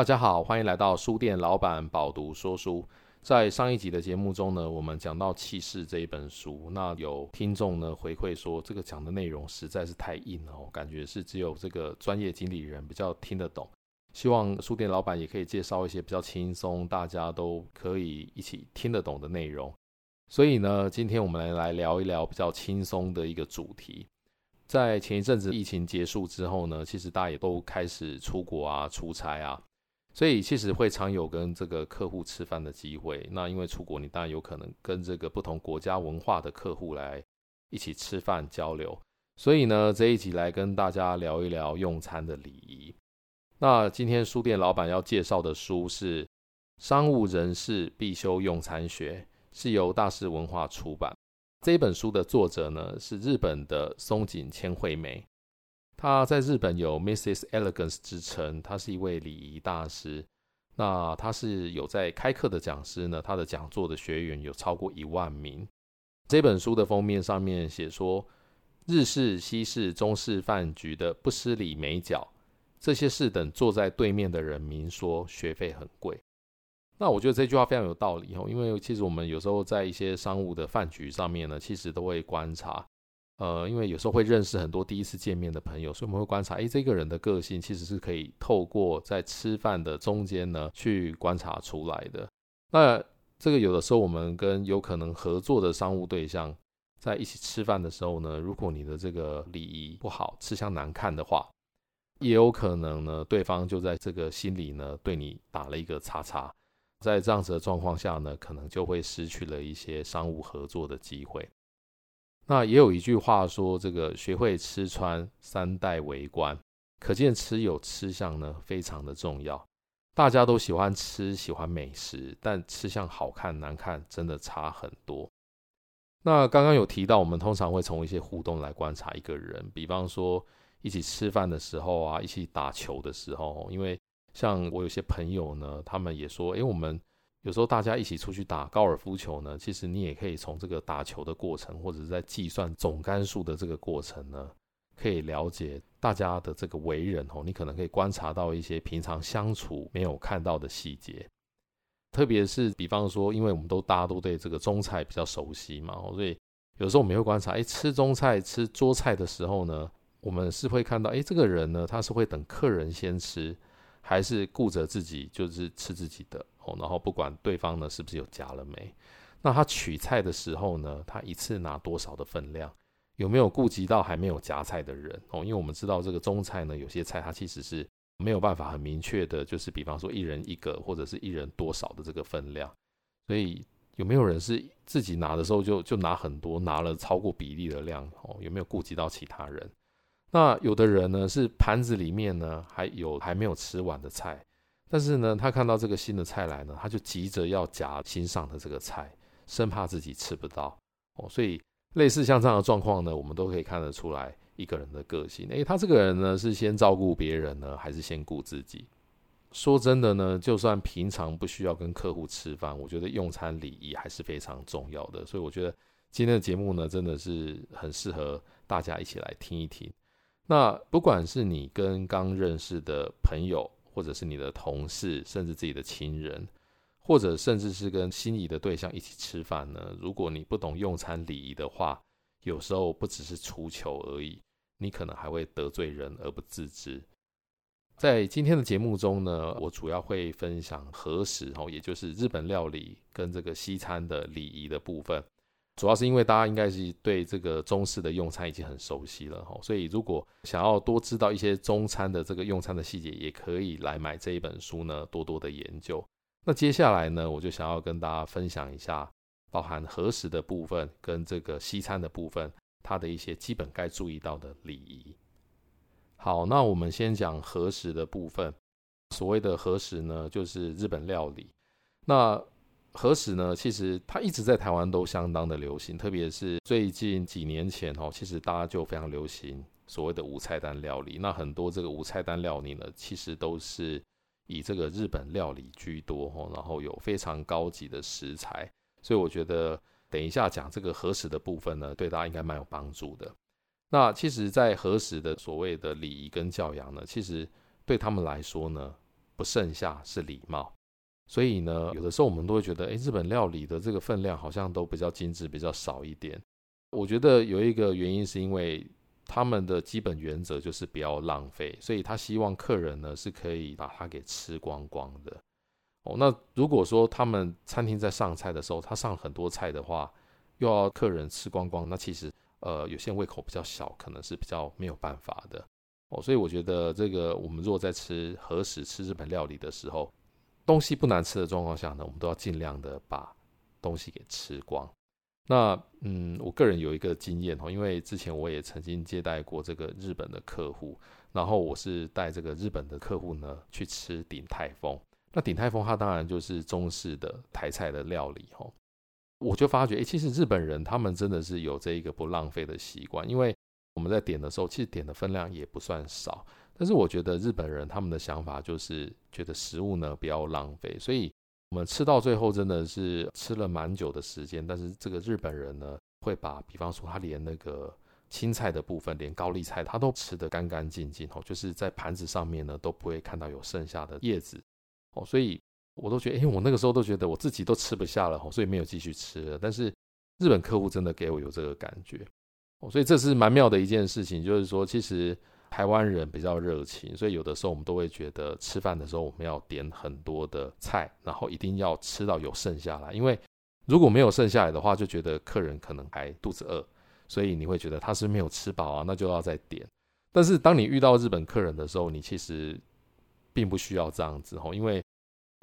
大家好，歡迎來到書店老闆飽讀說書。在上一集的節目中呢，我們講到《氣勢》這一本書。那有聽眾呢回饋說，這個講的內容實在是太硬了，我感覺是只有這個專業經理人比較聽得懂。希望書店老闆也可以介紹一些比較輕鬆，大家都可以一起聽得懂的內容。所以呢，今天我們來來聊一聊比較輕鬆的一個主題。在前一陣子疫情結束之後呢，其實大家也都開始出國啊、出差啊。所以其實會常有跟這個客戶吃飯的機會。那因為出國，你當然有可能跟這個不同國家文化的客戶來一起吃飯交流。所以呢，這一集來跟大家聊一聊用餐的禮儀。那今天書店老闆要介紹的書是《商務人士必修用餐學》，是由大是文化出版。這本書的作者呢是日本的松井千惠美。他在日本有 Mrs. Elegance 之稱，他是一位禮儀大師。那他是有在開課的講師呢，他的講座的學員有超過一萬名。這本書的封面上面寫說，日式、西式、中式飯局的不失禮眉角，這些事等坐在對面的人明說，學費很貴。那我覺得這句話非常有道理哦，因為其實我們有時候在一些商務的飯局上面呢，其實都會觀察。呃，因為有時候會認識很多第一次見面的朋友，所以我們會觀察，哎，這個人的個性其實是可以透過在吃飯的中間呢去觀察出來的。那這個有的時候我們跟有可能合作的商務對象在一起吃飯的時候呢，如果你的這個禮儀不好，吃相難看的話，也有可能呢對方就在這個心裡呢對你打了一個叉叉。在這樣子的狀況下呢，可能就會失去了一些商務合作的機會。那也有一句話說，這個學會吃穿三代為官，可見吃有吃相呢，非常的重要。大家都喜歡吃，喜歡美食，但吃相好看難看，真的差很多。那剛剛有提到，我們通常會從一些互動來觀察一個人，比方說一起吃飯的時候啊，一起打球的時候，因為像我有些朋友呢，他們也說，哎、欸，我們。有時候大家一起出去打高爾夫球呢，其實你也可以從這個打球的過程，或者是在計算總桿數的這個過程呢，可以了解大家的這個為人哦。你可能可以觀察到一些平常相處沒有看到的細節，特別是比方說，因為我們都大家都對這個中菜比較熟悉嘛，所以有時候我們會觀察，哎、欸，吃中菜吃桌菜的時候呢，我們是會看到，哎、欸，這個人呢，他是會等客人先吃，還是顧着自己就是吃自己的？哦，然後不管對方呢是不是有夾了沒，那他取菜的時候呢，他一次拿多少的分量，有沒有顧及到還沒有夾菜的人？哦，因為我們知道這個中菜呢，有些菜它其實是沒有辦法很明確的，就是比方說一人一個或者是一人多少的這個分量，所以有沒有人是自己拿的時候就就拿很多，拿了超過比例的量，哦，有沒有顧及到其他人？那有的人呢是盤子裡面呢還有還沒有吃完的菜。但是呢，他看到這個新的菜來呢，他就急着要夾新上的這個菜，生怕自己吃不到哦。所以類似像這樣的狀況呢，我們都可以看得出來一個人的個性。誒，他這個人呢是先照顧別人呢，還是先顧自己？說真的呢，就算平常不需要跟客戶吃飯，我覺得用餐禮儀還是非常重要的。所以我覺得今天的節目呢，真的是很適合大家一起來聽一聽。那不管是你跟剛認識的朋友，或者是你的同事，甚至自己的親人，或者甚至是跟心儀的對象一起吃飯呢，如果你不懂用餐禮儀的話，有時候不只是出糗而已，你可能還會得罪人而不自知。在今天的節目中呢，我主要會分享和食哦，也就是日本料理跟這個西餐的禮儀的部分。主要是因為大家應該是對這個中式的用餐已經很熟悉了，所以如果想要多知道一些中餐的這個用餐的細節，也可以來買這一本書呢，多多的研究。那接下來呢，我就想要跟大家分享一下，包含和食的部分跟這個西餐的部分，它的一些基本該注意到的禮儀。好，那我們先講和食的部分。所謂的和食呢，就是日本料理。那和食呢，其實它一直在台灣都相當的流行，特別是最近幾年前哦，其實大家就非常流行所謂的無菜單料理。那很多這個無菜單料理呢，其實都是以這個日本料理居多哦，然後有非常高級的食材。所以我覺得等一下講這個和食的部分呢，對大家應該蠻有幫助的。那其實，在和食的所謂的禮儀跟教養呢，其實對他們來說呢，不剩下是禮貌。所以呢，有的時候我們都會覺得，哎，日本料理的這個分量，好像都比較精緻，比較少一點。我覺得有一個原因是因為他們的基本原則就是不要浪費，所以他希望客人呢是可以把它給吃光光的。哦，那如果說他們餐廳在上菜的時候，他上很多菜的話，又要客人吃光光，那其實呃，有些胃口比較小，可能是比較沒有辦法的。哦，所以我覺得這個我們如果在吃和食，吃日本料理的時候，東西不難吃的狀況下呢，我們都要盡量的把東西給吃光。那嗯，我個人有一個經驗哦，因為之前我也曾經接待過這個日本的客戶，然後我是帶這個日本的客戶呢去吃鼎泰豐。那鼎泰豐它當然就是中式的台菜的料理哦。我就發覺哎、欸，其實日本人他們真的是有這一個不浪費的習慣，因為我們在點的時候，其實點的分量也不算少。但是我覺得日本人他們的想法就是覺得食物呢不要浪費，所以我們吃到最後真的是吃了蠻久的時間。但是這個日本人呢，會把比方說他連那個青菜的部分，連高麗菜他都吃得乾乾淨淨哦，就是在盤子上面呢都不會看到有剩下的葉子哦。所以我都覺得，誒，我那個時候都覺得我自己都吃不下了，所以沒有繼續吃了。但是日本客戶真的給我有這個感覺，哦，所以這是蠻妙的一件事情，就是說其實。台灣人比較熱情，所以有的時候我們都會覺得吃飯的時候我們要點很多的菜，然後一定要吃到有剩下來，因為如果沒有剩下來的話，就覺得客人可能還肚子餓，所以你會覺得他是沒有吃飽啊，那就要再點。但是當你遇到日本客人的時候，你其實並不需要這樣子吼，因為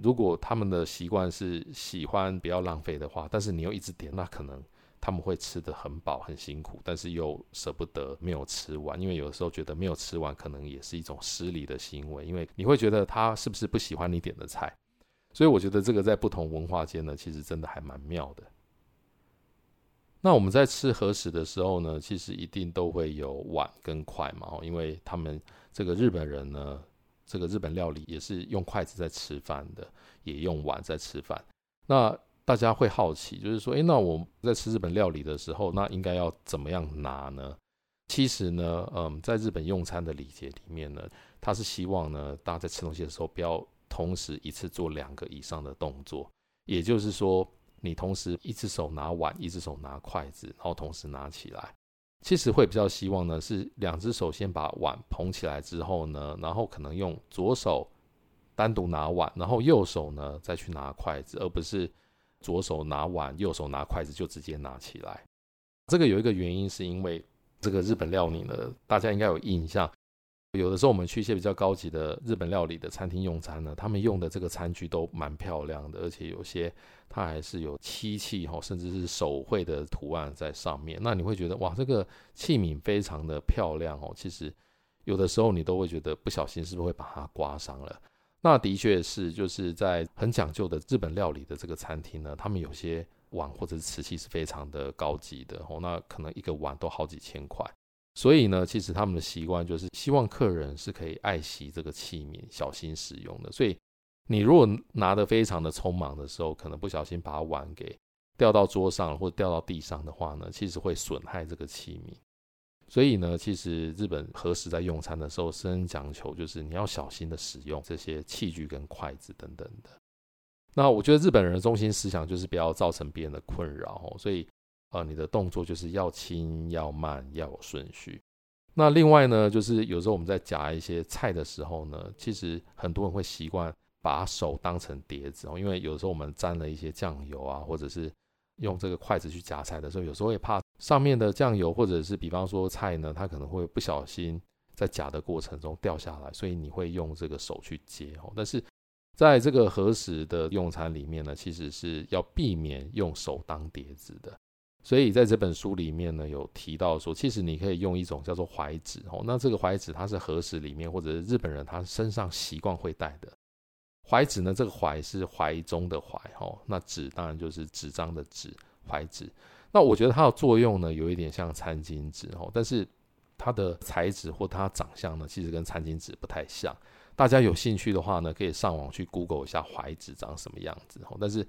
如果他們的習慣是喜歡不要浪費的話，但是你又一直點，那可能。他們會吃得很飽，很辛苦，但是又舍不得沒有吃完，因為有時候覺得沒有吃完可能也是一種失禮的行為，因為你會覺得他是不是不喜歡你點的菜，所以我覺得這個在不同文化間呢，其實真的還蠻妙的。那我們在吃和食的時候呢，其實一定都會有碗跟筷嘛，因為他們這個日本人呢，這個日本料理也是用筷子在吃飯的，也用碗在吃飯。那大家會好奇，就是說，誒，那我在吃日本料理的時候，那應該要怎麼樣拿呢？其實呢，嗯，在日本用餐的禮節裡面呢，他是希望呢，大家在吃東西的時候不要同時一次做兩個以上的動作，也就是說，你同時一只手拿碗，一只手拿筷子，然後同時拿起來，其實會比較希望呢，是兩只手先把碗捧起來之後呢，然後可能用左手單獨拿碗，然後右手呢再去拿筷子，而不是。左手拿碗，右手拿筷子，就直接拿起來。這個有一個原因，是因為這個日本料理呢，大家應該有印象。有的時候我們去一些比較高級的日本料理的餐廳用餐呢，他們用的這個餐具都蠻漂亮的，而且有些它還是有漆器哦，甚至是手繪的圖案在上面。那你會覺得哇，這個器皿非常的漂亮哦。其實有的時候你都會覺得不小心是不是會把它刮傷了？那的確是，就是在很講究的日本料理的這個餐廳呢，他們有些碗或者是瓷器是非常的高級的哦。那可能一個碗都好幾千塊，所以呢，其實他們的習慣就是希望客人是可以愛惜這個器皿，小心使用的。所以你如果拿得非常的匆忙的時候，可能不小心把碗給掉到桌上或掉到地上的話呢，其實會損害這個器皿。所以呢，其實日本和食在用餐的時候，十分講求就是你要小心的使用這些器具跟筷子等等的。那我覺得日本人的中心思想就是不要造成別人的困擾哦。所以，呃，你的動作就是要輕、要慢、要有順序。那另外呢，就是有時候我們在夾一些菜的時候呢，其實很多人會習慣把手當成碟子哦，因為有時候我們沾了一些醬油啊，或者是用這個筷子去夾菜的時候，有時候也怕。上面的醬油或者是比方說菜呢，它可能會不小心在夾的過程中掉下來，所以你會用這個手去接哦。但是在這個和食的用餐裡面呢，其實是要避免用手當碟子的。所以在這本書裡面呢，有提到說，其實你可以用一種叫做懷紙哦。那這個懷紙它是和食裡面或者是日本人他身上習慣會帶的懷紙呢。這個懷是懷中的懷哦，那紙當然就是紙張的紙，懷紙。那我覺得它的作用呢，有一點像餐巾紙哦，但是它的材質或它長相呢，其實跟餐巾紙不太像。大家有興趣的話呢，可以上網去 Google 一下懷紙長什麼樣子哦。但是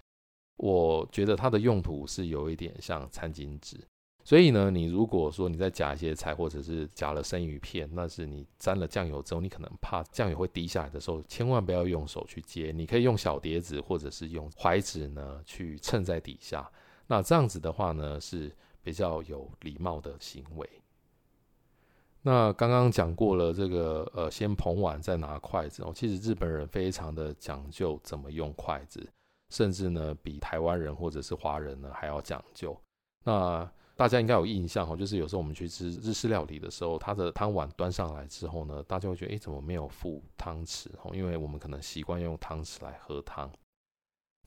我覺得它的用途是有一點像餐巾紙，所以呢，你如果說你在夾一些菜或者是夾了生魚片，那是你沾了醬油之後，你可能怕醬油會滴下來的時候，千萬不要用手去接，你可以用小碟子或者是用懷紙呢去襯在底下。那這樣子的話呢，是比較有禮貌的行為。那剛剛講過了，這個呃，先捧碗再拿筷子。哦，其實日本人非常的講究怎麼用筷子，甚至呢，比台灣人或者是華人呢還要講究。那大家應該有印象哈，就是有時候我們去吃日式料理的時候，他的湯碗端上來之後呢，大家會覺得，誒、欸、怎麼沒有附湯匙？哦，因為我們可能習慣用湯匙來喝湯。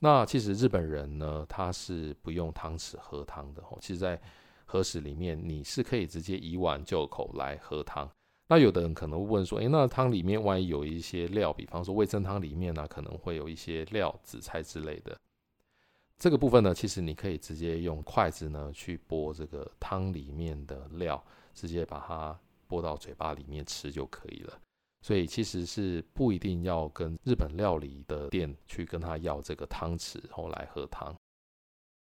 那其實日本人呢，他是不用湯匙喝湯的哦。其實，在和食裡面，你是可以直接以碗就口來喝湯。那有的人可能會問說：“誒、欸，那湯裡面萬一有一些料，比方說味噌湯裡面呢、啊，可能會有一些料紫菜之類的，這個部分呢，其實你可以直接用筷子呢去撥這個湯裡面的料，直接把它撥到嘴巴裡面吃就可以了。”所以其實是不一定要跟日本料理的店去跟他要這個湯匙，然後來喝湯。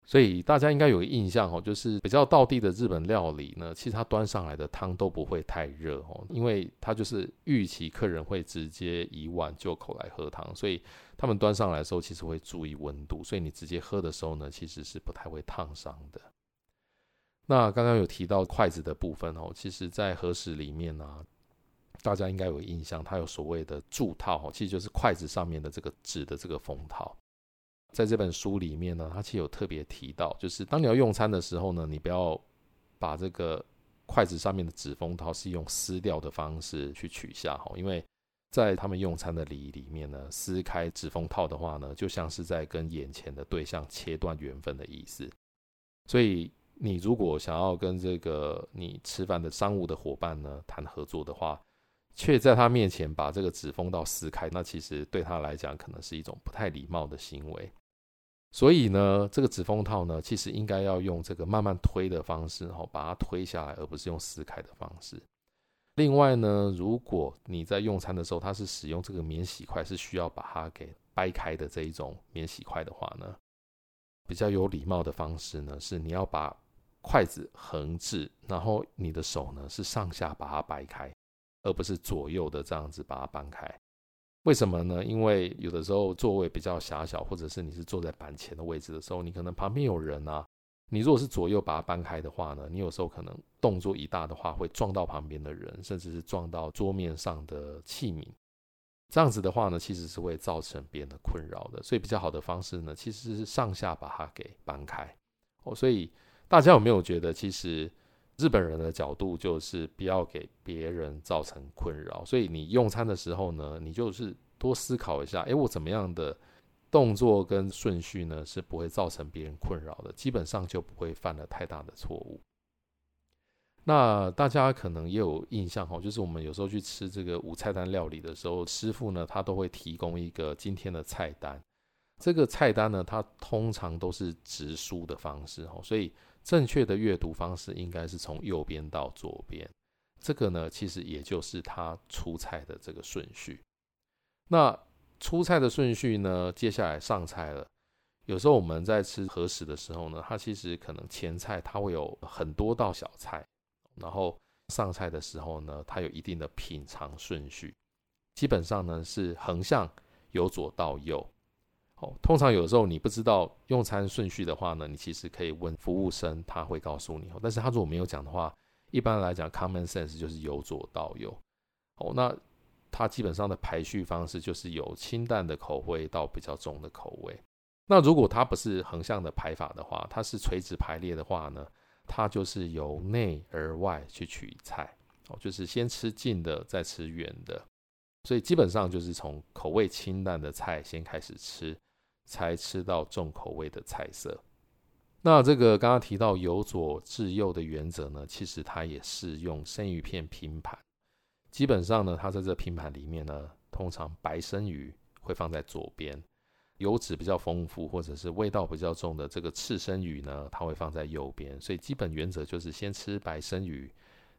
所以大家應該有一個印象哦，就是比較道地的日本料理呢，其實他端上來的湯都不會太熱哦，因為他就是預期客人會直接以碗就口來喝湯，所以他們端上來的時候其實會注意溫度，所以你直接喝的時候呢，其實是不太會燙傷的。那剛剛有提到筷子的部分哦，其實，在和食裡面呢，啊。大家應該有印象，它有所謂的箸套哈，其實就是筷子上面的這個紙的這個封套。在這本書裡面呢，它其實有特別提到，就是當你要用餐的時候呢，你不要把這個筷子上面的紙封套是用撕掉的方式去取下哈，因為在他們用餐的禮儀裡面呢，撕開紙封套的話呢，就像是在跟眼前的對象切斷緣分的意思。所以，你如果想要跟這個你吃飯的商務的夥伴呢談合作的話，卻在他面前把這個紙封套撕開，那其實對他來講可能是一種不太禮貌的行為。所以呢，這個紙封套呢，其實應該要用這個慢慢推的方式，哈，把它推下來，而不是用撕開的方式。另外呢，如果你在用餐的時候，它是使用這個免洗筷，是需要把它給掰開的這一種免洗筷的話呢，比較有禮貌的方式呢，是你要把筷子橫置，然後你的手呢，是上下把它掰開。而不是左右的這樣子把它搬開，為什麼呢？因為有的時候座位比較狹小，或者是你是坐在板前的位置的時候，你可能旁邊有人啊。你如果是左右把它搬開的話呢，你有時候可能動作一大的話，會撞到旁邊的人，甚至是撞到桌面上的器皿。這樣子的話呢，其實是會造成別人的困擾的。所以比較好的方式呢，其實是上下把它給搬開。哦，所以大家有沒有覺得其實，日本人的角度就是不要給別人造成困擾，所以你用餐的時候呢，你就是多思考一下，哎、欸，我怎麼樣的動作跟順序呢，是不會造成別人困擾的，基本上就不會犯了太大的錯誤。那大家可能也有印象哈，就是我們有時候去吃這個無菜單料理的時候，師傅呢他都會提供一個今天的菜單，這個菜單呢，它通常都是直書的方式哈，所以。正確的閱讀方式應該是從右邊到左邊，這個呢，其實也就是它出菜的這個順序。那出菜的順序呢，接下來上菜了。有時候我們在吃和食的時候呢，它其實可能前菜它會有很多道小菜，然後上菜的時候呢，它有一定的品嘗順序，基本上呢是橫向由左到右。通常有時候你不知道用餐順序的話呢，你其實可以問服務生，他會告訴你。但是他如果沒有講的話，一般來講，common sense 就是由左到右。哦，那它基本上的排序方式就是由清淡的口味到比較重的口味。那如果它不是橫向的排法的話，它是垂直排列的話呢，它就是由內而外去取菜。哦，就是先吃近的，再吃遠的。所以基本上就是從口味清淡的菜先開始吃。才吃到重口味的菜色。那這個剛剛提到由左至右的原則呢，其實它也是用生魚片拼盤。基本上呢，它在這拼盤裡面呢，通常白生魚會放在左邊，油脂比較豐富或者是味道比較重的這個赤身魚呢，它會放在右邊。所以基本原則就是先吃白生魚，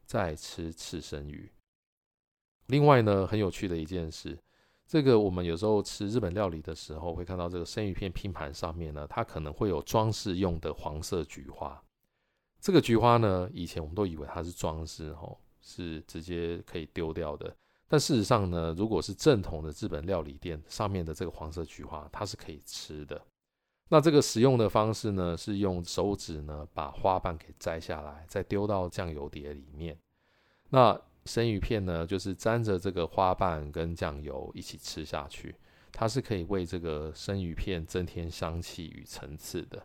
再吃赤身魚。另外呢，很有趣的一件事。這個我們有時候吃日本料理的時候，會看到這個生魚片拼盤上面呢，它可能會有裝飾用的黃色菊花。這個菊花呢，以前我們都以為它是裝飾，哦，是直接可以丟掉的。但事實上呢，如果是正統的日本料理店上面的這個黃色菊花，它是可以吃的。那這個食用的方式呢，是用手指呢把花瓣給摘下來，再丟到醬油碟裡面。那生魚片呢，就是沾着這個花瓣跟醬油一起吃下去，它是可以為這個生魚片增添香氣與層次的。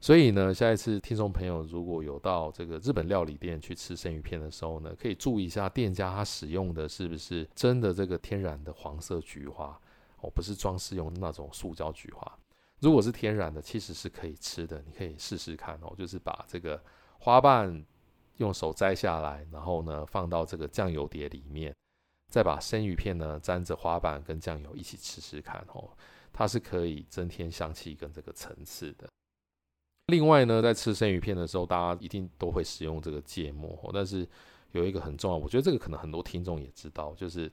所以呢，下一次聽眾朋友如果有到這個日本料理店去吃生魚片的時候呢，可以注意一下店家他使用的是不是真的這個天然的黃色菊花，哦？不是裝飾用的那種塑膠菊花。如果是天然的，其實是可以吃的，你可以試試看哦，就是把這個花瓣，用手摘下來，然後呢，放到這個醬油碟裡面，再把生魚片呢沾着花瓣跟醬油一起吃吃看哦，它是可以增添香氣跟這個層次的。另外呢，在吃生魚片的時候，大家一定都會使用這個芥末哦，但是有一個很重要，我覺得這個可能很多聽眾也知道，就是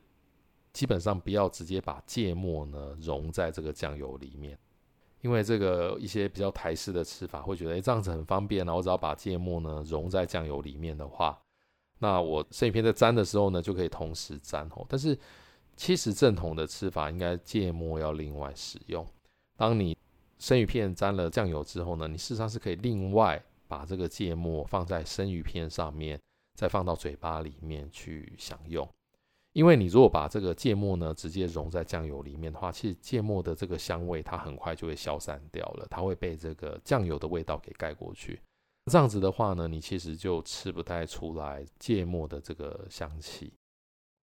基本上不要直接把芥末呢融在這個醬油裡面。因為這個一些比較台式的吃法，會覺得哎，這樣子很方便，然後只要把芥末呢融在醬油裡面的話，那我生魚片在沾的時候呢，就可以同時沾哦。但是其實正統的吃法，應該芥末要另外使用。當你生魚片沾了醬油之後呢，你事實上是可以另外把這個芥末放在生魚片上面，再放到嘴巴裡面去享用。因為你如果把這個芥末呢直接溶在醬油裡面的話，其實芥末的這個香味它很快就會消散掉了，它會被這個醬油的味道給蓋過去。這樣子的話呢，你其實就吃不太出來芥末的這個香氣。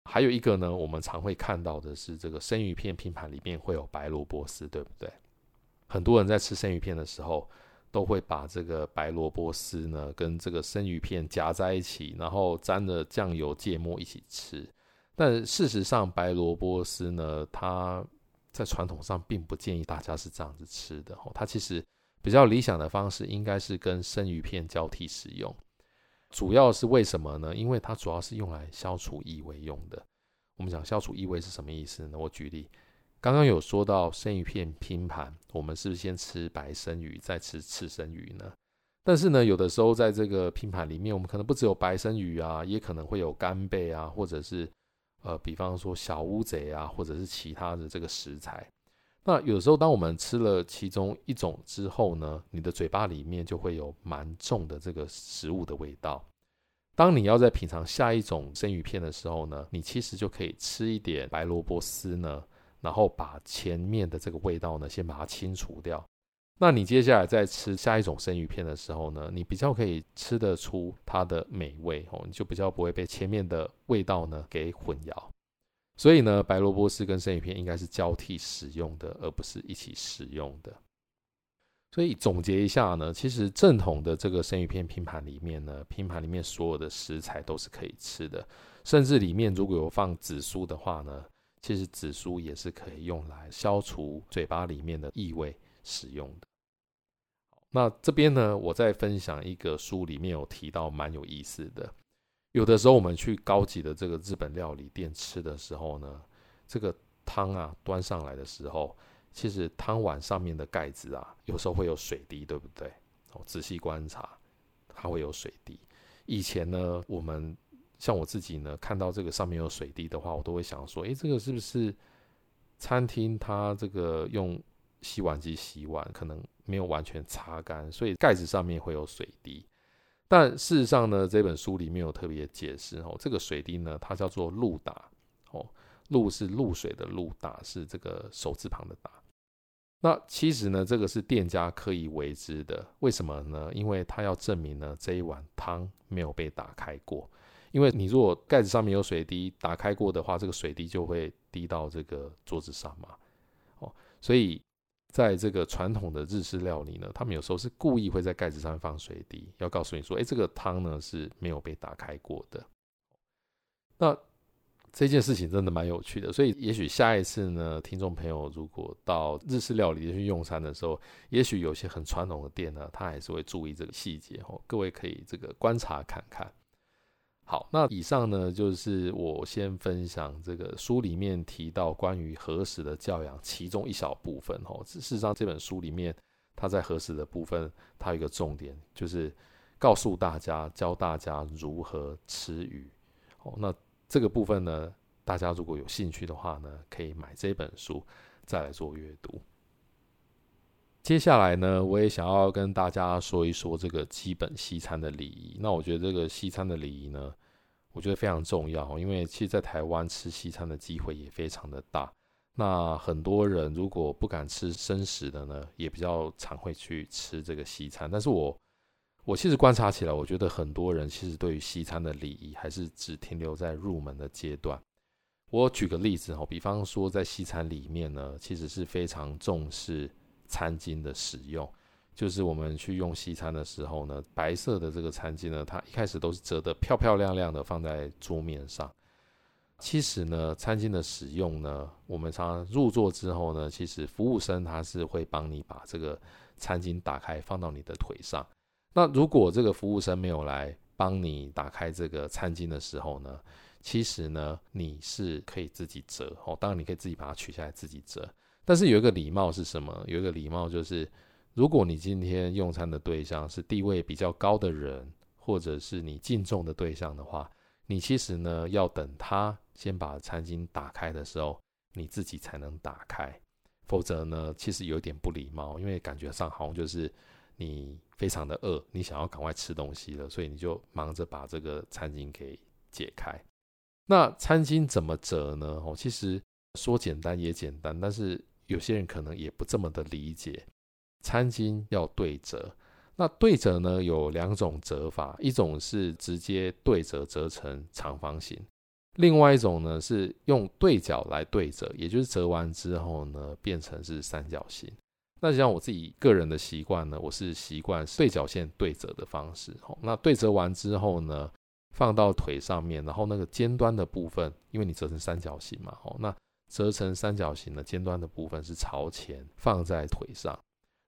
還有一個呢，我們常會看到的是這個生魚片拼盤裡面會有白蘿蔔絲，對不對？很多人在吃生魚片的時候，都會把這個白蘿蔔絲呢跟這個生魚片夾在一起，然後沾着醬油、芥末一起吃。但事實上，白蘿蔔絲呢，它在傳統上並不建議大家是這樣子吃的。吼，它其實比較理想的方式應該是跟生魚片交替使用。主要是為什麼呢？因為它主要是用來消除異味用的。我們講消除異味是什麼意思呢？我舉例，剛剛有說到生魚片拼盤，我們是不是先吃白生魚，再吃赤身魚呢？但是呢，有的時候在這個拼盤裡面，我們可能不只有白生魚啊，也可能會有干貝啊，或者是。呃，比方說小烏賊啊，或者是其他的這個食材，那有時候當我們吃了其中一種之後呢，你的嘴巴裡面就會有蠻重的這個食物的味道。當你要在品嘗下一種生魚片的時候呢，你其實就可以吃一點白蘿蔔絲呢，然後把前面的這個味道呢，先把它清除掉。那你接下來再吃下一種生魚片的時候呢，你比較可以吃得出它的美味哦，你就比較不會被前面的味道呢給混淆。所以呢，白蘿蔔絲跟生魚片應該是交替使用的，而不是一起使用的。所以總結一下呢，其實正統的這個生魚片拼盤裡面呢，拼盤裡面所有的食材都是可以吃的，甚至裡面如果有放紫蘇的話呢，其實紫蘇也是可以用來消除嘴巴裡面的異味。使用的。那這邊呢，我再分享一個書裡面有提到蠻有意思的。有的時候我們去高級的這個日本料理店吃的時候呢，這個湯啊端上來的時候，其實湯碗上面的蓋子啊，有時候會有水滴，對不對？我仔細觀察，它會有水滴。以前呢，我們像我自己呢，看到這個上面有水滴的話，我都會想說，欸，這個是不是餐廳它這個用？洗碗機洗碗可能沒有完全擦乾，所以蓋子上面會有水滴。但事實上呢，這本書裡面有特別解釋哦。這個水滴呢，它叫做露打哦，露是露水的露打，打是這個手字旁的打。那其實呢，這個是店家刻意為之的。為什麼呢？因為他要證明呢，這一碗湯沒有被打開過。因為你如果蓋子上面有水滴打開過的話，這個水滴就會滴到這個桌子上嘛。哦，所以。在這個傳統的日式料理呢，他們有時候是故意會在蓋子上放水滴，要告訴你說，哎，這個湯呢是沒有被打開過的。那這件事情真的蠻有趣的，所以也許下一次呢，聽眾朋友如果到日式料理去用餐的時候，也許有些很傳統的店呢，他還是會注意這個細節哦。各位可以這個觀察看看。好，那以上呢，就是我先分享這個書裡面提到關於和食的教養，其中一小部分哦。事實上，這本書裡面，它在和食的部分，它有一個重點，就是告訴大家、教大家如何吃魚。哦，那這個部分呢，大家如果有興趣的話呢，可以買這本書再來做閱讀。接下來呢，我也想要跟大家說一說這個基本西餐的禮儀。那我覺得這個西餐的禮儀呢，我覺得非常重要，因為其實，在台灣吃西餐的機會也非常的大。那很多人如果不敢吃生食的呢，也比較常會去吃這個西餐。但是我我其實觀察起來，我覺得很多人其實對於西餐的禮儀還是只停留在入門的階段。我舉個例子哦，比方說在西餐裡面呢，其實是非常重視。餐巾的使用，就是我們去用西餐的時候呢，白色的這個餐巾呢，它一開始都是折得漂漂亮亮的放在桌面上。其實呢，餐巾的使用呢，我們常常入座之後呢，其實服務生他是會幫你把這個餐巾打開放到你的腿上。那如果這個服務生沒有來幫你打開這個餐巾的時候呢，其實呢，你是可以自己折哦，當然你可以自己把它取下來自己折。但是有一個禮貌是什麼？有一個禮貌就是，如果你今天用餐的對象是地位比較高的人，或者是你敬重的對象的話，你其實呢，要等他先把餐巾打開的時候，你自己才能打開。否則呢，其實有點不禮貌，因為感覺上好像就是你非常的餓，你想要趕快吃東西了，所以你就忙着把這個餐巾給解開。那餐巾怎麼折呢？哦，其實說簡單也簡單，但是。有些人可能也不這麼的理解，餐巾要對折，那對折呢有兩種折法，一種是直接對折折成長方形，另外一種呢是用對角來對折，也就是折完之後呢變成是三角形。那像我自己個人的習慣呢，我是習慣對角線對折的方式吼。那對折完之後呢，放到腿上面，然後那個尖端的部分，因為你折成三角形嘛，吼，那。折成三角形的尖端的部分是朝前放在腿上。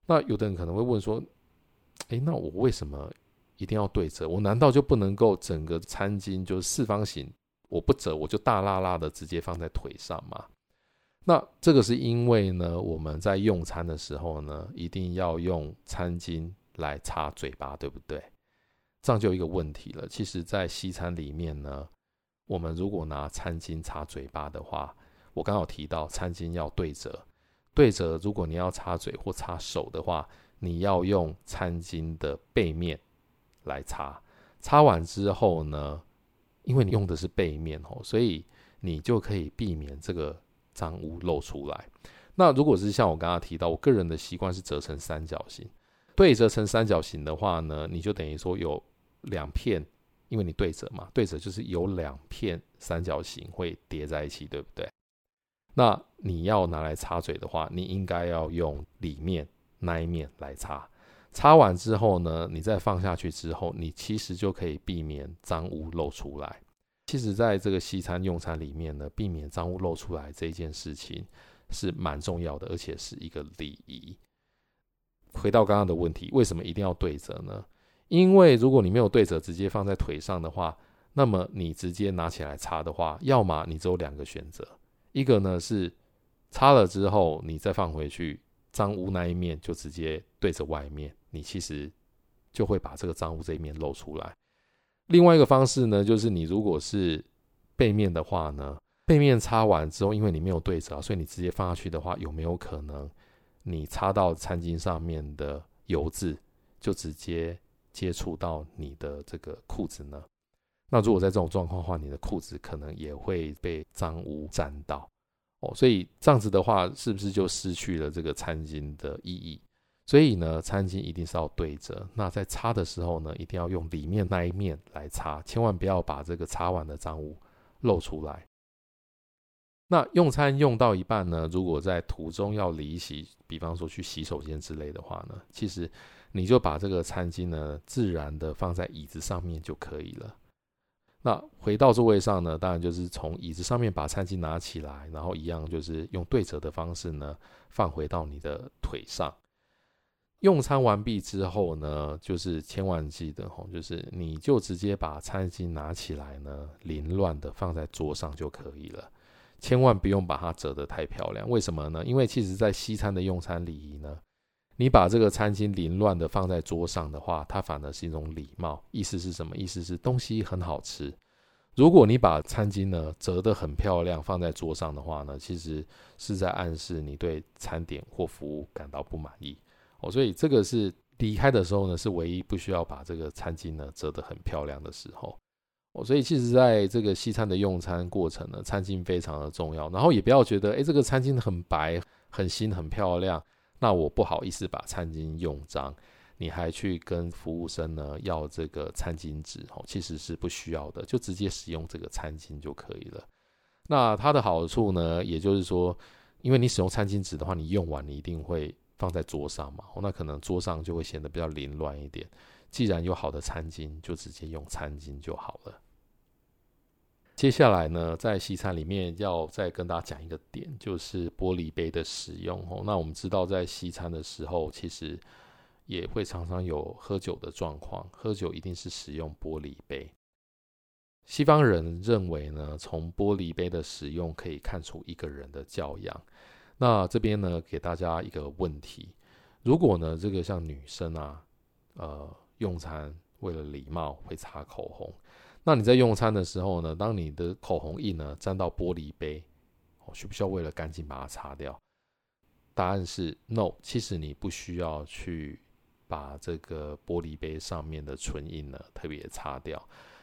那有的人可能會問說：“誒，那我為什麼一定要對折？我難道就不能夠整個餐巾就是四方形？我不折，我就大剌剌的直接放在腿上嗎？”那這個是因為呢，我們在用餐的時候呢，一定要用餐巾來擦嘴巴，對不對？這樣就有一個問題了。其實，在西餐裡面呢，我們如果拿餐巾擦嘴巴的話，我剛好提到餐巾要對折，對折。如果你要擦嘴或擦手的話，你要用餐巾的背面來擦。擦完之後呢，因為你用的是背面哦，所以你就可以避免這個髒污露出來。那如果是像我剛剛提到，我個人的習慣是折成三角形。對折成三角形的話呢，你就等於說有兩片，因為你對折嘛，對折就是有兩片三角形會疊在一起，對不對？那你要拿來擦嘴的話，你應該要用裡面那一面來擦。擦完之後呢，你再放下去之後，你其實就可以避免髒污露出來。其實，在這個西餐用餐裡面呢，避免髒污露出來這一件事情是蠻重要的，而且是一個禮儀。回到剛剛的問題，為什麼一定要對折呢？因為如果你沒有對折，直接放在腿上的話，那麼你直接拿起來擦的話，要麼你只有兩個選擇。一個呢是擦了之後，你再放回去，髒污那一面就直接對着外面，你其實就會把這個髒污這一面露出來。另外一個方式呢，就是你如果是背面的話呢，背面擦完之後，因為你沒有對折啊，所以你直接放下去的話，有沒有可能你擦到餐巾上面的油漬就直接接觸到你的這個褲子呢？那如果在這種狀況的話，你的褲子可能也會被髒污沾到哦，所以這樣子的話，是不是就失去了這個餐巾的意義？所以呢，餐巾一定是要對折。那在擦的時候呢，一定要用裡面那一面來擦，千萬不要把這個擦完的髒污露出來。那用餐用到一半呢，如果在途中要離席，比方說去洗手間之類的話呢，其實你就把這個餐巾呢自然的放在椅子上面就可以了。那回到座位上呢，當然就是從椅子上面把餐巾拿起來，然後一樣就是用對折的方式呢，放回到你的腿上。用餐完畢之後呢，就是千萬記得吼，就是你就直接把餐巾拿起來呢，凌亂的放在桌上就可以了，千萬不用把它折得太漂亮。為什麼呢？因為其實，在西餐的用餐禮儀呢，你把這個餐巾凌亂的放在桌上的話，它反而是一種禮貌。意思是什麼？意思是東西很好吃。如果你把餐巾呢折得很漂亮放在桌上的話呢，其實是在暗示你對餐點或服務感到不滿意。哦，所以這個是離開的時候呢，是唯一不需要把這個餐巾呢折得很漂亮的時候。哦，所以其實在這個西餐的用餐過程呢，餐巾非常的重要。然後也不要覺得，誒、欸，這個餐巾很白、很新、很漂亮。那我不好意思把餐巾用髒，你還去跟服務生呢，要這個餐巾紙哦，其實是不需要的，就直接使用這個餐巾就可以了。那它的好處呢，也就是說，因為你使用餐巾紙的話，你用完你一定會放在桌上嘛，那可能桌上就會顯得比較凌亂一點。既然有好的餐巾，就直接用餐巾就好了。接下來呢，在西餐裡面要再跟大家講一個點，就是玻璃杯的使用。那我們知道，在西餐的時候，其實也會常常有喝酒的狀況，喝酒一定是使用玻璃杯。西方人認為呢，從玻璃杯的使用可以看出一個人的教養。那這邊呢，給大家一個問題。如果呢，這個像女生啊，呃，用餐為了禮貌會擦口紅。那你在用餐的時候呢，當你的口紅印呢沾到玻璃杯，哦，需不需要為了乾淨把它擦掉？答案是 no。其實你不需要去把這個玻璃杯上面的唇印呢特別擦掉。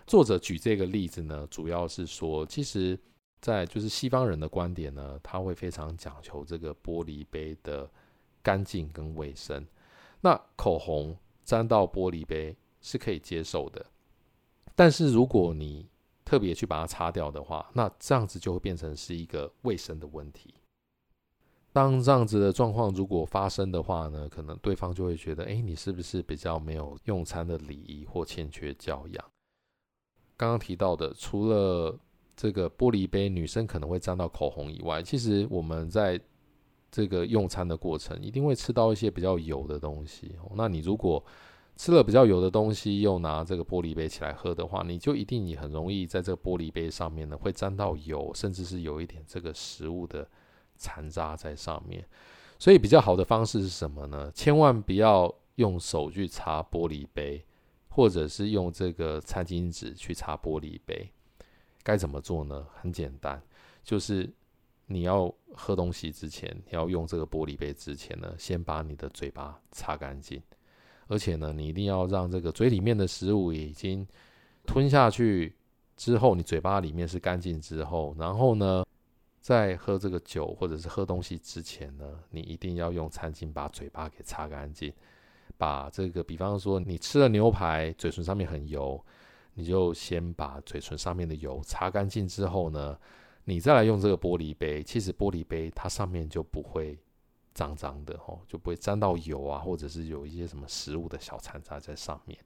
作者舉這個例子呢，主要是說，其實在就是西方人的觀點呢，他會非常講求這個玻璃杯的乾淨跟衛生。那口紅沾到玻璃杯是可以接受的。但是如果你特別去把它擦掉的話，那這樣子就會變成是一個衛生的問題。當這樣子的狀況如果發生的話呢，可能對方就會覺得，誒、欸，你是不是比較沒有用餐的禮儀或欠缺教養？剛剛提到的，除了這個玻璃杯，女生可能會沾到口紅以外，其實我們在這個用餐的過程一定會吃到一些比較油的東西。那你如果吃了比較油的東西，又拿這個玻璃杯起來喝的話，你就一定你很容易在這個玻璃杯上面呢會沾到油，甚至是有一點這個食物的殘渣在上面。所以比較好的方式是什麼呢？千萬不要用手去擦玻璃杯，或者是用這個餐巾紙去擦玻璃杯。該怎麼做呢？很簡單，就是你要喝東西之前，你要用這個玻璃杯之前呢，先把你的嘴巴擦乾淨。而且呢，你一定要讓這個嘴裡面的食物已經吞下去之後，你嘴巴裡面是乾淨之後，然後呢，在喝這個酒或者是喝東西之前呢，你一定要用餐巾把嘴巴給擦乾淨，把這個，比方說你吃了牛排，嘴唇上面很油，你就先把嘴唇上面的油擦乾淨之後呢，你再來用這個玻璃杯，其實玻璃杯它上面就不會。髒髒的哦，就不會沾到油啊，或者是有一些什麼食物的小殘渣在上面。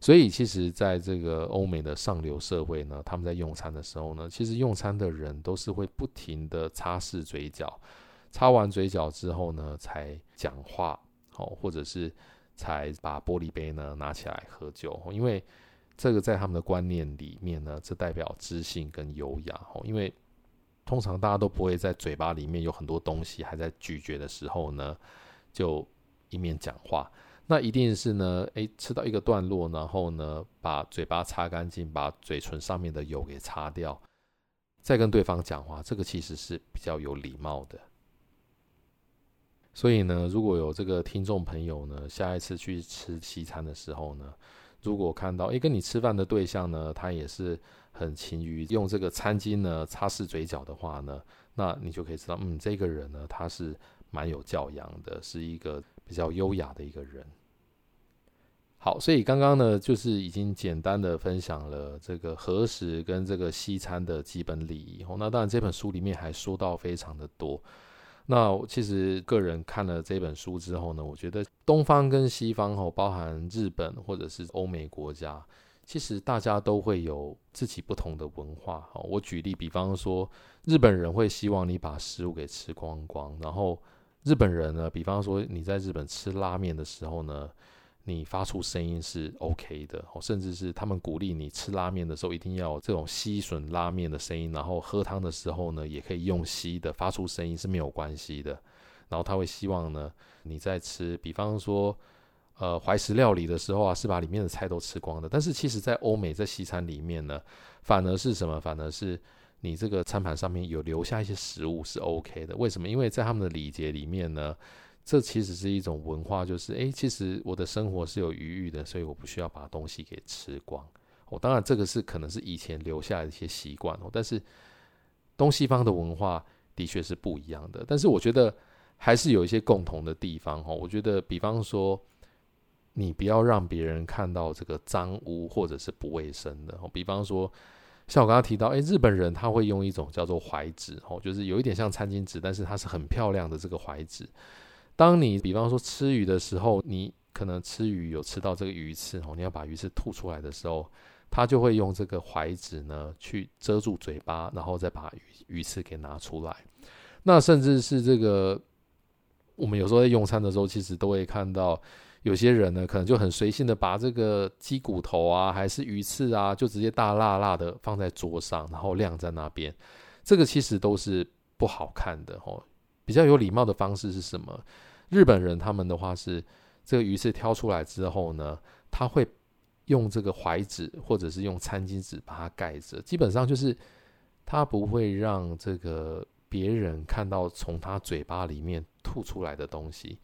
所以，其實，在這個歐美的上流社會呢，他們在用餐的時候呢，其實用餐的人都是會不停的擦拭嘴角，擦完嘴角之後呢，才講話哦，或者是才把玻璃杯呢拿起來喝酒，因為這個在他們的觀念裡面呢，這代表知性跟優雅哦，因為。通常大家都不會在嘴巴裡面有很多東西還在咀嚼的時候呢，就一面講話。那一定是呢，誒、欸，吃到一個段落，然後呢，把嘴巴擦乾淨，把嘴唇上面的油給擦掉，再跟對方講話。這個其實是比較有禮貌的。所以呢，如果有這個聽眾朋友呢，下一次去吃西餐的時候呢，如果看到誒、欸，跟你吃飯的對象呢，他也是。很勤於用這個餐巾呢擦拭嘴角的話呢，那你就可以知道，嗯，這個人呢，他是蠻有教養的，是一個比較優雅的一個人。好，所以剛剛呢就是已經簡單的分享了這個和食跟這個西餐的基本禮儀。那當然這本書裡面還說到非常的多。那其實個人看了這本書之後呢，我覺得東方跟西方哦，包含日本或者是歐美國家。其實大家都會有自己不同的文化。我舉例，比方說日本人會希望你把食物給吃光光。然後日本人呢，比方說你在日本吃拉麵的時候呢，你發出聲音是 OK 的，甚至是他們鼓勵你吃拉麵的時候一定要有這種吸吮拉麵的聲音。然後喝湯的時候呢，也可以用吸的發出聲音是沒有關係的。然後他會希望呢你在吃，比方說。呃，懷石料理的時候啊，是把裡面的菜都吃光的。但是其實在，在歐美在西餐裡面呢，反而是什麼？反而，是你這個餐盤上面有留下一些食物是 OK 的。為什麼？因為在他們的禮節裡面呢，這其實是一種文化，就是哎、欸，其實我的生活是有餘裕的，所以我不需要把東西給吃光。我、哦、當然這個是可能是以前留下的一些習慣哦。但是東西方的文化的確是不一樣的。但是我覺得還是有一些共同的地方哈、哦。我覺得，比方說。你不要讓別人看到這個髒污或者是不衛生的。比方說，像我剛剛提到，誒、欸，日本人他會用一種叫做懷紙，哦，就是有一點像餐巾紙，但是它是很漂亮的這個懷紙。當你比方說吃魚的時候，你可能吃魚有吃到這個魚刺，哦，你要把魚刺吐出來的時候，他就會用這個懷紙呢去遮住嘴巴，然後再把魚魚刺給拿出來。那甚至是這個，我們有時候在用餐的時候，其實都會看到。有些人呢，可能就很隨性的把這個雞骨頭啊，還是魚刺啊，就直接大剌剌的放在桌上，然後晾在那邊。這個其實都是不好看的哦。比較有禮貌的方式是什麼？日本人他們的話是，這個魚刺挑出來之後呢，他會用這個懷紙或者是用餐巾紙把它蓋着。基本上就是他不會讓這個別人看到從他嘴巴裡面吐出來的東西。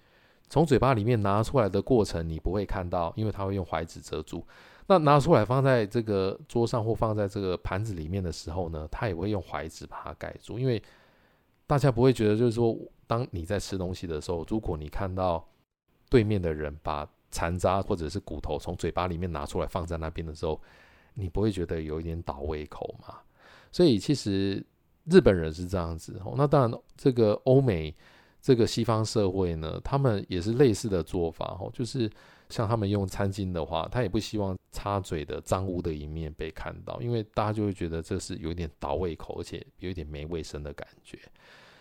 從嘴巴裡面拿出來的過程，你不會看到，因為他會用懷紙遮住。那拿出來放在這個桌上或放在這個盤子裡面的時候呢，他也會用懷紙把它蓋住。因為大家不會覺得，就是說，當你在吃東西的時候，如果你看到對面的人把殘渣或者是骨頭從嘴巴裡面拿出來放在那邊的時候，你不會覺得有一點倒胃口嘛？所以其實日本人是這樣子。那當然，這個歐美，這個西方社會呢，他們也是類似的做法哦，就是像他們用餐巾的話，他也不希望擦嘴的髒污的一面被看到，因為大家就會覺得這是有一點倒胃口，而且有一點沒衛生的感覺。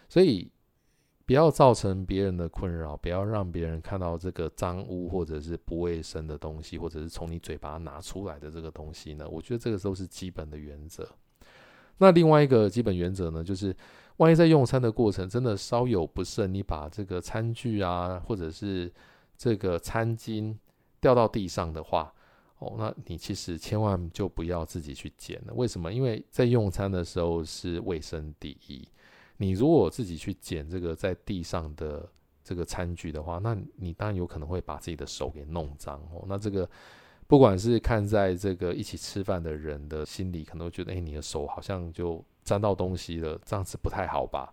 所以不要造成別人的困擾，不要讓別人看到這個髒污或者是不衛生的東西，或者是從你嘴巴拿出來的這個東西呢。我覺得這個都是基本的原則。那另外一個基本原則呢，就是。萬一在用餐的過程真的稍有不慎，你把這個餐具啊，或者是這個餐巾掉到地上的話，哦，那你其實千萬就不要自己去撿了。為什麼？因為在用餐的時候是衛生第一，你如果自己去撿這個在地上的這個餐具的話，那你當然有可能會把自己的手給弄髒哦。那這個不管是看在這個一起吃飯的人的心裡，可能會覺得，哎、欸，你的手好像就。沾到東西了，這樣子不太好吧？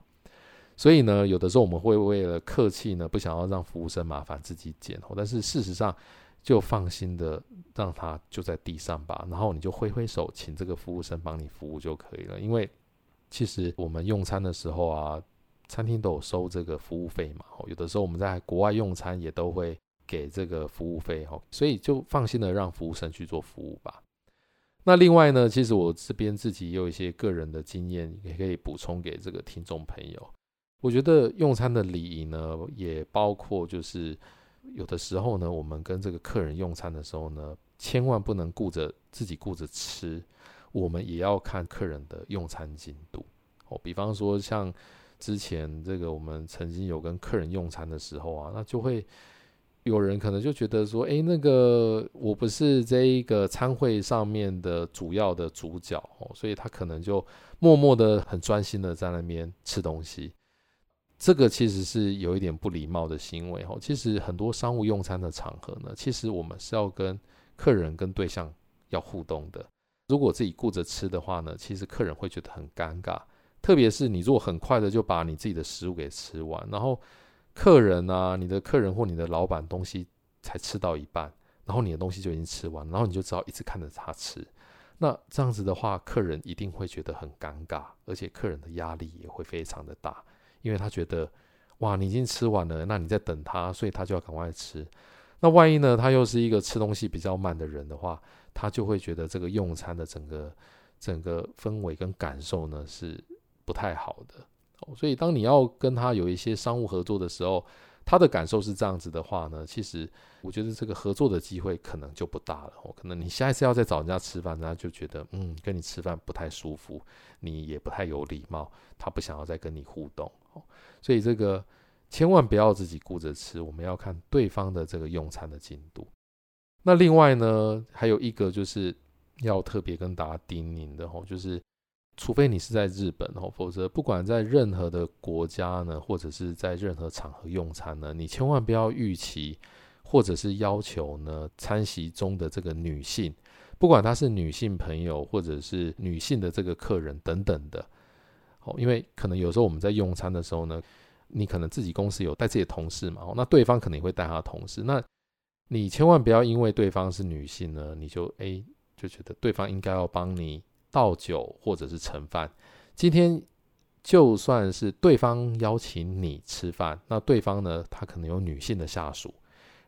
所以呢，有的時候我們會為了客氣呢，不想要讓服務生麻煩自己撿哦。但是事實上，就放心的讓他就在地上吧，然後你就揮揮手，請這個服務生幫你服務就可以了。因為其實我們用餐的時候啊，餐廳都有收這個服務費嘛。哦，有的時候我們在國外用餐也都會給這個服務費哦。所以就放心的讓服務生去做服務吧。那另外呢，其實我這邊自己也有一些個人的經驗，也可以補充給這個聽眾朋友。我覺得用餐的禮儀呢，也包括就是有的時候呢，我們跟這個客人用餐的時候呢，千萬不能顧着自己顧着吃，我們也要看客人的用餐進度。哦，比方說像之前這個我們曾經有跟客人用餐的時候啊，那就會。有人可能就覺得說，哎，那個我不是這一個餐會上面的主要的主角哦，所以他可能就默默的很專心的在那邊吃東西。這個其實是有一點不禮貌的行為哦。其實很多商務用餐的場合呢，其實我們是要跟客人跟對象要互動的。如果自己顧着吃的話呢，其實客人會覺得很尷尬。特別是你如果很快的就把你自己的食物給吃完，然後。客人啊，你的客人或你的老闆東西才吃到一半，然後你的東西就已經吃完，然後你就只好一直看着他吃。那這樣子的話，客人一定會覺得很尷尬，而且客人的壓力也會非常的大，因為他覺得，哇，你已經吃完了，那你在等他，所以他就要趕快吃。那萬一呢，他又是一個吃東西比較慢的人的話，他就會覺得這個用餐的整個整個氛圍跟感受呢，是不太好的。所以，當你要跟他有一些商務合作的時候，他的感受是這樣子的話呢，其實我覺得這個合作的機會可能就不大了。哦，可能你下一次要再找人家吃飯，人家就覺得嗯，跟你吃飯不太舒服，你也不太有禮貌，他不想要再跟你互動。哦，所以這個千萬不要自己顧着吃，我們要看對方的這個用餐的進度。那另外呢，還有一個就是要特別跟大家叮嚀的哦，就是。除非你是在日本哦，否則不管在任何的國家呢，或者是在任何場合用餐呢，你千萬不要預期，或者是要求呢，餐席中的這個女性，不管她是女性朋友，或者是女性的這個客人等等的，哦，因為可能有時候我們在用餐的時候呢，你可能自己公司有帶自己的同事嘛，那對方可能也會帶他的同事，那你千萬不要因為對方是女性呢，你就誒、欸、就覺得對方應該要幫你。倒酒或者是盛飯，今天就算是對方邀請你吃飯，那對方呢，他可能有女性的下屬，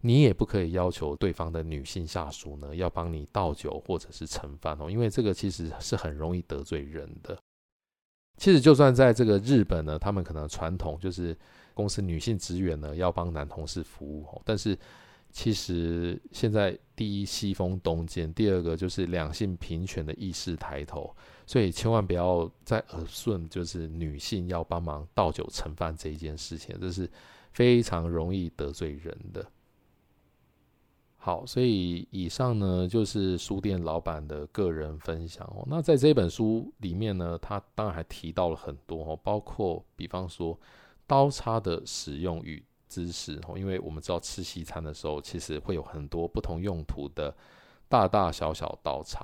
你也不可以要求對方的女性下屬呢要幫你倒酒或者是盛飯哦，因為這個其實是很容易得罪人的。其實就算在這個日本呢，他們可能傳統就是公司女性職員呢要幫男同事服務哦，但是。其實現在，第一西風東漸，第二個就是兩性平權的意識抬頭，所以千萬不要再耳順，就是女性要幫忙倒酒盛飯這一件事情，這是非常容易得罪人的。好，所以以上呢就是書店老板的個人分享哦。那在這本書裡面呢，他當然還提到了很多哦，包括比方說刀叉的使用與。知識哦，因為我們知道吃西餐的時候，其實會有很多不同用途的大大小小刀叉，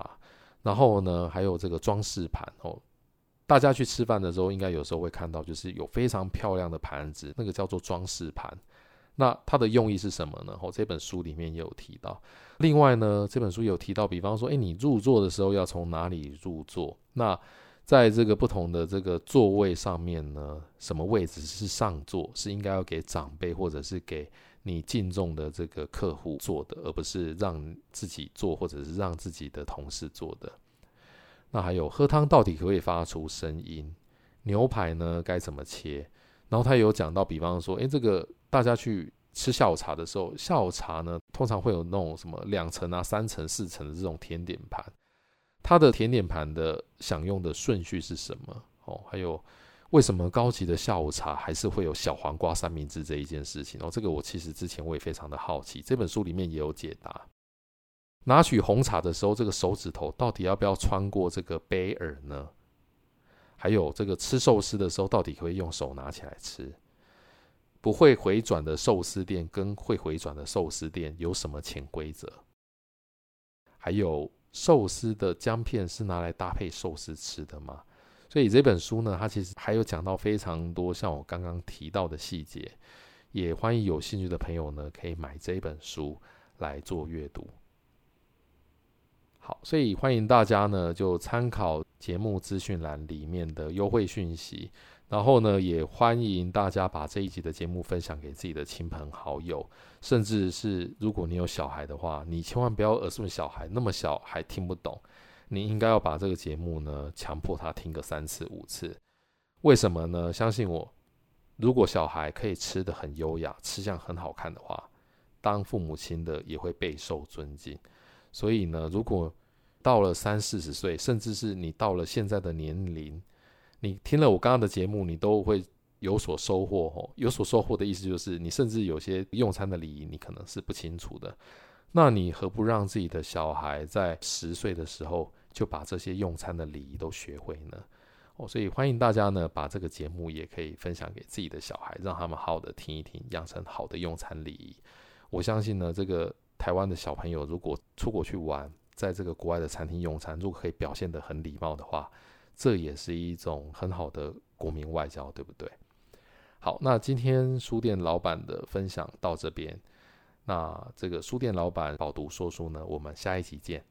然後呢，還有這個裝飾盤哦。大家去吃飯的時候，應該有時候會看到，就是有非常漂亮的盤子，那個叫做裝飾盤。那它的用意是什麼呢？哦，這本書裡面也有提到。另外呢，這本書也有提到，比方說誒，你入座的時候要從哪裡入座？那在這個不同的這個座位上面呢，什麼位置是上座，是應該要給長輩或者是給你敬重的這個客戶坐的，而不是讓自己坐或者是讓自己的同事坐的。那還有喝湯到底可不可以發出聲音，牛排呢該怎麼切？然後他有講到，比方說，哎，這個大家去吃下午茶的時候，下午茶呢通常會有那種什麼兩層啊、三層、四層的這種甜點盤。它的甜點盤的享用的順序是什麼？哦，還有為什麼高級的下午茶還是會有小黃瓜三明治這一件事情？哦，這個我其實之前我也非常的好奇，這本書裡面也有解答。拿取紅茶的時候，這個手指頭到底要不要穿過這個杯耳呢？還有這個吃壽司的時候，到底可以用手拿起來吃？不會迴轉的壽司店跟會迴轉的壽司店有什麼潛規則？還有？壽司的薑片是拿來搭配壽司吃的嗎？所以這本書呢，它其實還有講到非常多像我剛剛提到的細節，也歡迎有興趣的朋友呢，可以買這本書來做閱讀。好，所以歡迎大家呢，就參考節目資訊欄裡面的優惠訊息。然後呢，也歡迎大家把這一集的節目分享給自己的親朋好友，甚至是如果你有小孩的話，你千萬不要耳、呃、順小孩，那麼小還聽不懂，你應該要把這個節目呢強迫他聽個三次五次。為什麼呢？相信我，如果小孩可以吃得很優雅，吃相很好看的話，當父母親的也會備受尊敬。所以呢，如果到了三四十歲，甚至是你到了現在的年齡，你聽了我剛剛的節目，你都會有所收穫，哦，有所收穫的意思就是，你甚至有些用餐的禮儀，你可能是不清楚的。那你何不讓自己的小孩在十歲的時候就把這些用餐的禮儀都學會呢？哦，所以歡迎大家呢，把這個節目也可以分享給自己的小孩，讓他們好好的聽一聽，養成好的用餐禮儀。我相信呢，這個台灣的小朋友如果出國去玩，在這個國外的餐廳用餐，如果可以表現得很禮貌的話，這也是一種很好的國民外交，對不對？好，那今天書店老闆的分享到這邊，那這個書店老闆飽讀說書呢，我們下一期見。